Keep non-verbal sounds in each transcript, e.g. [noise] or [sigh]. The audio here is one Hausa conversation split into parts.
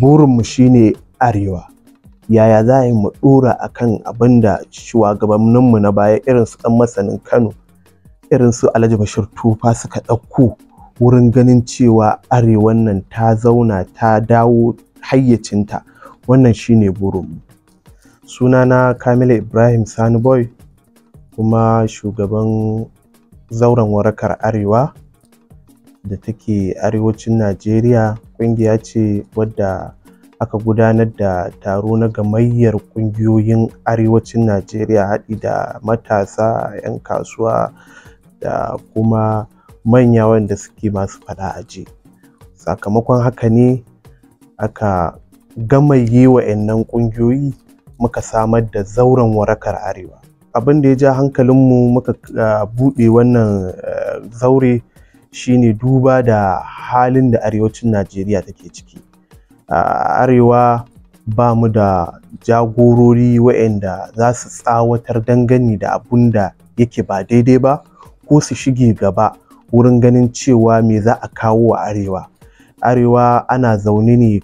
burinmu shine arewa yaya za yi mu dora kan abin da shugabanninmu na baya irin su dan masanin Kano irin su Alhaji Bashir Tufa suka ɗauko wurin ganin cewa arewan nan ta zauna ta dawo hayyacinta wannan shine burinmu Suna na Kamila Ibrahim Sani Boy kuma shugaban zauren warakar arewa da take arewacin Najeriya ƙungiya ce wadda aka gudanar da taro na gamayyar ƙungiyoyin arewacin najeriya haɗi da matasa 'yan kasuwa da kuma manya wanda suke masu faɗa aji sakamakon haka ne aka gamaye wa'annan ƙungiyoyi muka samar da zauren warakar arewa abin da ya ja hankalinmu muka ah, buɗe wannan eh, zaure shine duba da halin da arewacin najeriya take ciki a arewa ba mu da jagorori waɗanda za su tsawatar dangane da abun da yake ba daidai ba ko su shige gaba wurin ganin cewa me za a kawo wa arewa arewa ana zaune ne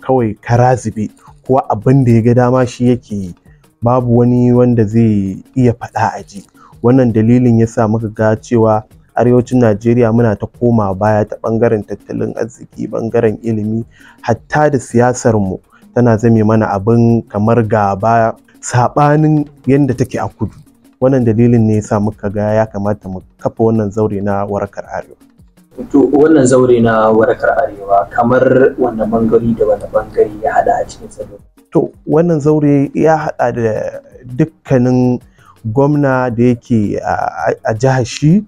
kawai zube kowa abin da ya ga dama shi yake babu wani wanda zai iya faɗa a ji wannan dalilin ya sa muka ga cewa arewacin najeriya muna ta koma baya ta ɓangaren tattalin arziki ɓangaren ilimi hatta da siyasar mu tana zame mana abin kamar gaba saɓanin yadda take a kudu wannan dalilin ne yasa muka ga ya kamata mu kafa wannan zaure na warakar arewa to wannan zaure na warakar arewa kamar wannan bangare da wannan bangare ya hada a cikin tsaro to wannan zaure ya hada da dukkanin gwamna da yake a jihar shi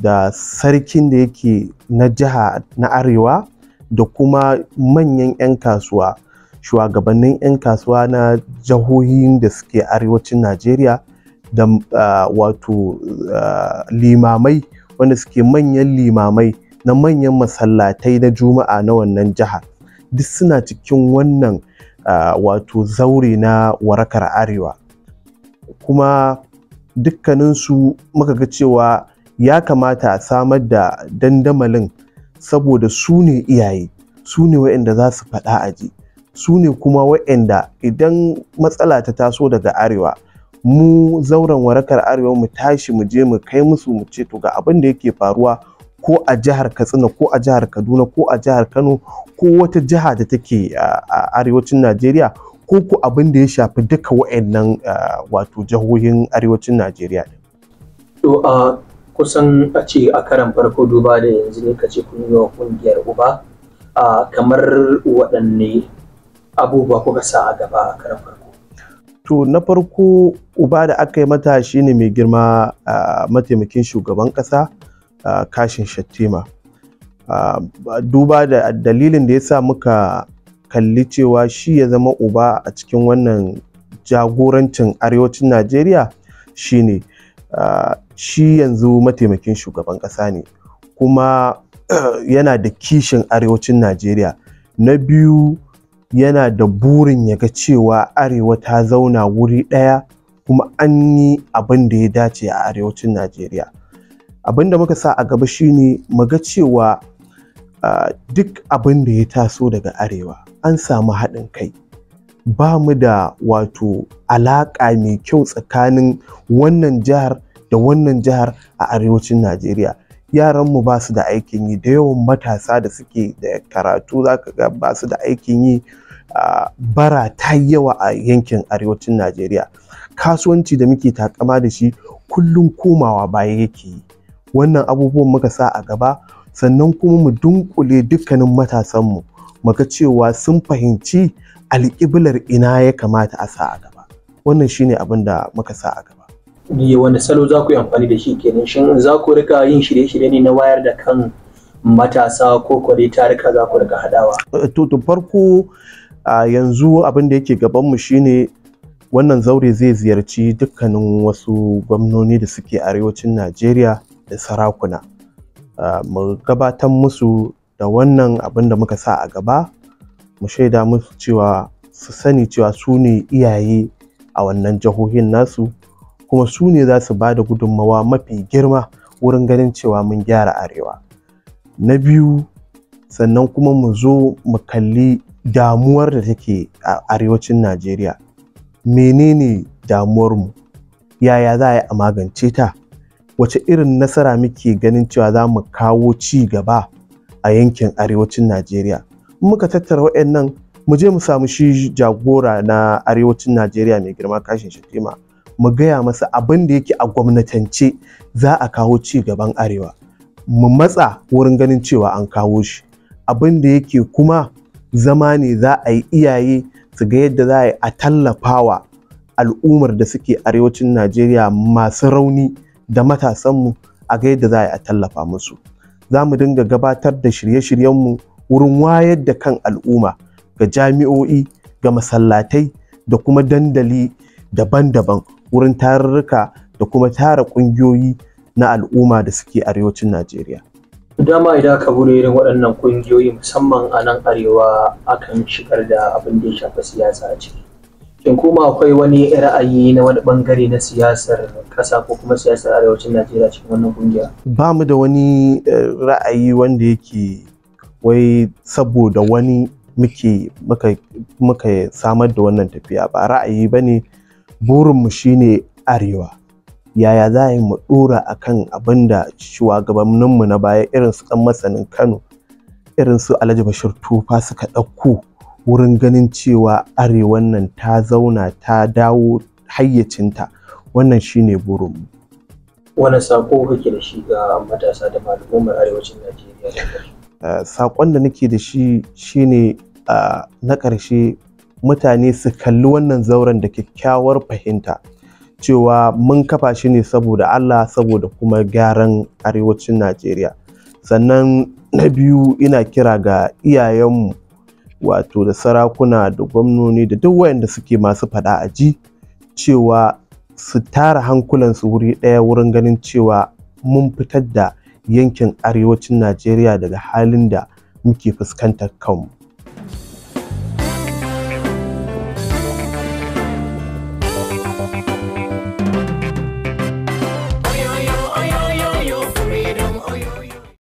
da sarkin da yake na jiha na arewa da kuma manyan 'yan kasuwa shugabannin 'yan kasuwa na jihohin da suke arewacin najeriya da wato limamai wanda suke manyan limamai na manyan masallatai na juma'a na wannan jihar duk suna cikin wannan wato zaure na warakar arewa kuma dukkaninsu muka ga cewa ya kamata a samar da dandamalin saboda su ne iyaye su ne waɗanda za su faɗa ji, su ne kuma waɗanda idan matsala ta taso daga arewa mu zauren warakar arewa mu tashi mu je mu kai musu mu ce to ga abin da yake faruwa ko a jihar katsina ko a jihar kaduna ko a jihar kano ko wata jiha da take a arewacin najeriya ko ku abin da ya shafi duka wa'annan wato jihohin arewacin najeriya to kusan a ce a karan farko duba da yanzu ne kace kun yi wa kungiyar uba a kamar waɗanne abubuwa kuka sa a gaba a karan farko to na farko uba da aka yi mata shine mai girma mataimakin shugaban ƙasa kashin shattima duba da dalilin da ya sa muka kalli cewa shi ya zama uba a cikin wannan jagorancin arewacin najeriya shine shi yanzu mataimakin shugaban ƙasa ne kuma [clears throat] yana da kishin arewacin najeriya na biyu yana da burin ya ga cewa arewa ta zauna wuri ɗaya kuma an yi abin da ya dace a arewacin najeriya abin da muka sa a gaba shine ne ga cewa duk abin da ya taso daga arewa an samu haɗin kai ba mu da wato alaƙa mai kyau tsakanin wannan jihar da wannan jihar a arewacin Najeriya yaran mu ba su da aikin yi da yawan matasa da suke da karatu zaka ga ba su da aikin yi bara ta yawa a yankin arewacin Najeriya kasuwanci da muke takama da shi kullum komawa baya yake yi wannan abubuwan muka sa a gaba sannan kuma mu dunkule dukkanin mu muga cewa sun fahimci alƙiblar ina ya kamata a sa a gaba wannan shine abin da muka sa a gaba wani salo za ku yi amfani da shi kenan shin za ku rika yin shirye-shirye ne na wayar da kan matasa ko kwade tarika za ku rika hadawa to to farko yanzu abin da yake gaban mu shine wannan zaure zai ziyarci dukkanin wasu gwamnoni da suke arewacin Najeriya da sarakuna mu gabatar musu da wannan abin da muka sa a gaba mu shaida musu cewa su sani cewa su ne iyaye a wannan jihohin nasu kuma su ne za su ba da gudunmawa mafi girma wurin ganin cewa mun gyara arewa na biyu sannan kuma mu zo mu kalli damuwar da take a arewacin najeriya menene damuwarmu yaya za a yi a magance ta wace irin nasara muke ganin cewa za mu kawo ci gaba a yankin arewacin najeriya muka tattara waɗannan mu je mu samu shi jagora na arewacin najeriya mai girma kashin shatima mu gaya masa abin da yake a gwamnatance za a kawo ci gaban arewa mu matsa wurin ganin cewa an kawo shi abin da yake kuma zama ne za a yi iyaye su ga yadda za a yi a tallafawa al'ummar da suke arewacin najeriya masu rauni da matasanmu a ga yadda za a yi a tallafa musu za mu dinga gabatar da shirye-shiryenmu wurin wayar da kan al'umma ga jami'o'i ga masallatai da kuma dandali daban-daban wurin tarurruka da kuma tara ƙungiyoyi na al'umma da suke arewacin Najeriya. dama idan aka gudu irin waɗannan ƙungiyoyi musamman a nan arewa akan shigar da abin da ya shafi siyasa a ciki shin kuma akwai wani ra'ayi na wani bangare na siyasar ƙasa ko kuma siyasar arewacin najeriya cikin wannan ƙungiya ba mu da wani eh, ra'ayi wanda yake wai saboda wani muke muka samar da wannan tafiya ba ra'ayi ba ne burinmu shine arewa yaya za a yi mu dora kan abin da shugabanninmu na baya irin su dan masanin kano irin su alhaji bashir tufa suka ɗauko wurin ganin cewa arewan nan ta zauna ta dawo hayyacinta wannan shine burinmu wani sako kake da shi ga matasa da malumin arewacin najeriya eh, saƙon da nake da shi shine ah, na ƙarshe mutane su kalli wannan zauren da kyakkyawar fahimta cewa mun kafa shi ne saboda Allah saboda kuma gyaran arewacin Najeriya sannan na biyu ina kira ga iyayenmu wato da sarakuna da gwamnoni da duk wayanda suke masu fada a ji cewa su tara hankulansu wuri ɗaya wurin ganin cewa mun fitar da yankin arewacin Najeriya daga halin da muke fuskantar kanmu